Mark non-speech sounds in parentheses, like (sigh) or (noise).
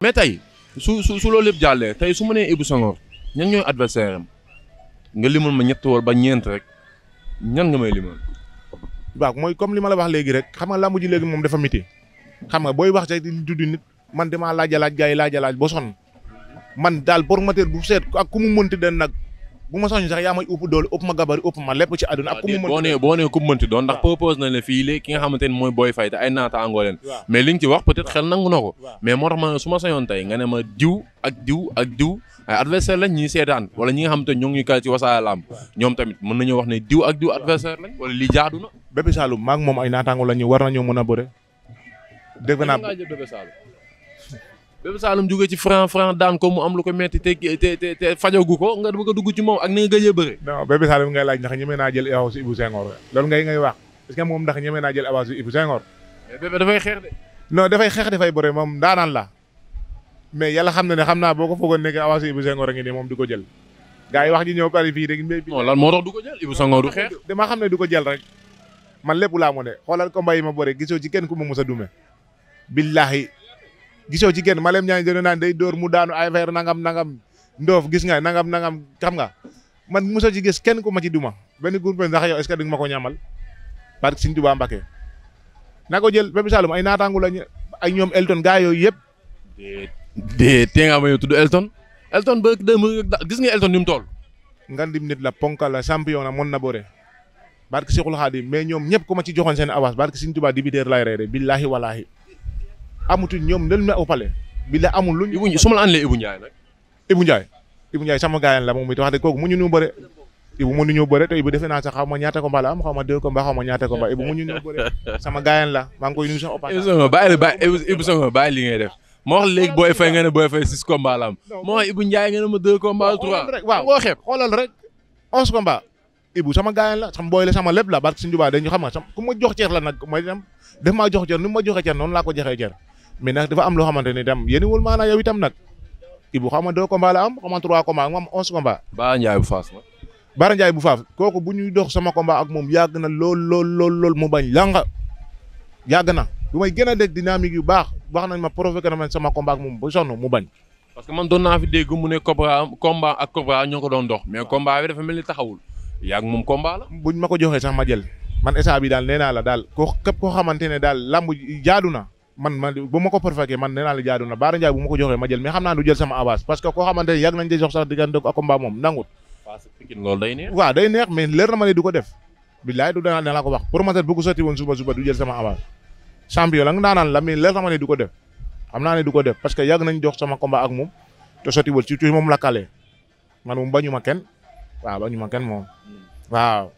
mais tey su su su loolu lépp jàllee tey su ma nee Ibou Senghor ñan ñooy adversaire am nga limal ma ñett war ba ñeent rek ñan nga may limal. waaw mooy comme li ma la wax léegi rek xam nga làmb ji léegi moom dafa miti xam nga booy wax rek di tudd nit man damaa laajalaaj gars yi laajalaaj ba sonn man daal promoteur bu seet ak ku mu mënti den nag. bu ma soxla sax yaa may upp doole upp ma gabari upp ma lépp ci àdduna ak ku mu doon ndax propose na la fii ki nga xamante mooy Boy Faye te ay naataangoo leen mais li nga ci wax peut-être xel nangu na ko mais moo tax ma su ne ma diw ak diw ak diw adversaire lañ ñi seetaan wala ñi nga xamante ni ñoo ngi kal ci Wassare Lamb ñoom tamit mën nañoo wax ne diw ak diw adversaire lañ wala lii jaadu na Bébé Saloum moom ay nataangoo la ñu war nañoo mën a bëre dégg naa Bébé Saloum jógee ci franc franc daan ko mu am lu ko metti te te te ko nga bëgg a dugg ci moom ak ni nga gëjee bëre. non Bébé Saloum ngay laaj ndax ñeme naa jël avance Ibou Senghor loolu ngay ngay wax est moom ndax ñeme naa jël avance Ibou Senghor. Bébé dafay xeex de. non dafay xeex dafay bëre moom daanaan la mais yàlla xam na ne xam naa boo ko foogoon nekk avance Ibou Senghor a ngi nii moom di ko jël gaa yi wax ji ñëw pare fii rek. non moo tax du ko jël Ibou Senghor xam ne du ko jël rek man lépp laa mu ne xoolal combat yi ma bëre gisoo ci kenn ku ma mës a dume billahi gisoo ci kenn Malem Niang dina naan day dóor mu daanu ay affaire nangam nangam ndoof gis nga nangam nangam xam nga man mosoo ci gis kenn ku ma ci duma benn groupe ndax yow est-ce que ma ko ñamal parce que Sëriñ Tuubaa ko jël Pépé Saloum ay naataangu lañu ay ñoom Elton gaa yooyu yëpp. de tee ma yow tudd Elton. Elton ba gis nga Elton ni mu toll. ngandim nit la ponka la champion la mën na bëre. barke Seexul Xaadim mais ñoom ñëpp ku ma ci joxoon seen avance barke Sëriñ dibiteer laay reere billaahi amutul ñoom lan la au palais bi la amul luñ. Ibou Ndiaye ma la andalee Ibou Ndiaye nag. Ibou Ndiaye sama gaayan la moom it wax de kooku mu ñu ñu bëre. Ibou mu ñu ñu bëre te Ibou defe naa sax xaw ma ñaata combat la ma deux combat xaw ma ñaata combat Ibou mu ñu ñu (laughs) bëre sama gaayan la maa sax au palais. Sama bàyyi ma wax léegi booy fay nga booy fay six combat la am. ma ma deux combat trois. waaw boo xeeb xoolal rek onze combat Ibou sama gaayan sama booy la sama lépp la barke suñu jubaa dañu xam nga sama ku ma jox ceer la nag mooy dem def maa jox ceer ni ma joxe ceer noonu laa ko joxee ceer mais nag dafa am loo xamante ne tam yéen wul maanaam yow itam nag Ibou xam nga deux la am xam nga trois combats nga am onze combats. Baara Ndiaye bu Faas ma. bu Faas kooku bu ñuy dox sama combat ak moom yàgg na lool lool lool lool mu bañ langa yàgg na bu may gën a dégg dynamique yu baax wax nañ ma provoqué a ma sama combat moom ba sono mu bañ. parce que man doon na fi dégg mu ne Cobra combat ak Cobra ñoo ko doon dox. mais combat bi dafa mel ni taxawul. yaa moom combat la. buñ ma ko joxee sax ma jël man état bi daal nee naa la daal koo képp koo xamante ne daal lamb jaadu na man man bu ma ko perfecté man nee naa la jaadu na Baara Ndiaye bu ma ko joxee ma jël mais xam naa du jël sama avance parce que ko def. billaay du danaa sama avance. champion la nga naan la mais leer na ma ne ko def xam naa ne def parce que yàgg nañ jox sama combat ak moom te sotti wul ci tuuti moom la kale man moom bañu ma kenn waaw bañu ma moom waaw.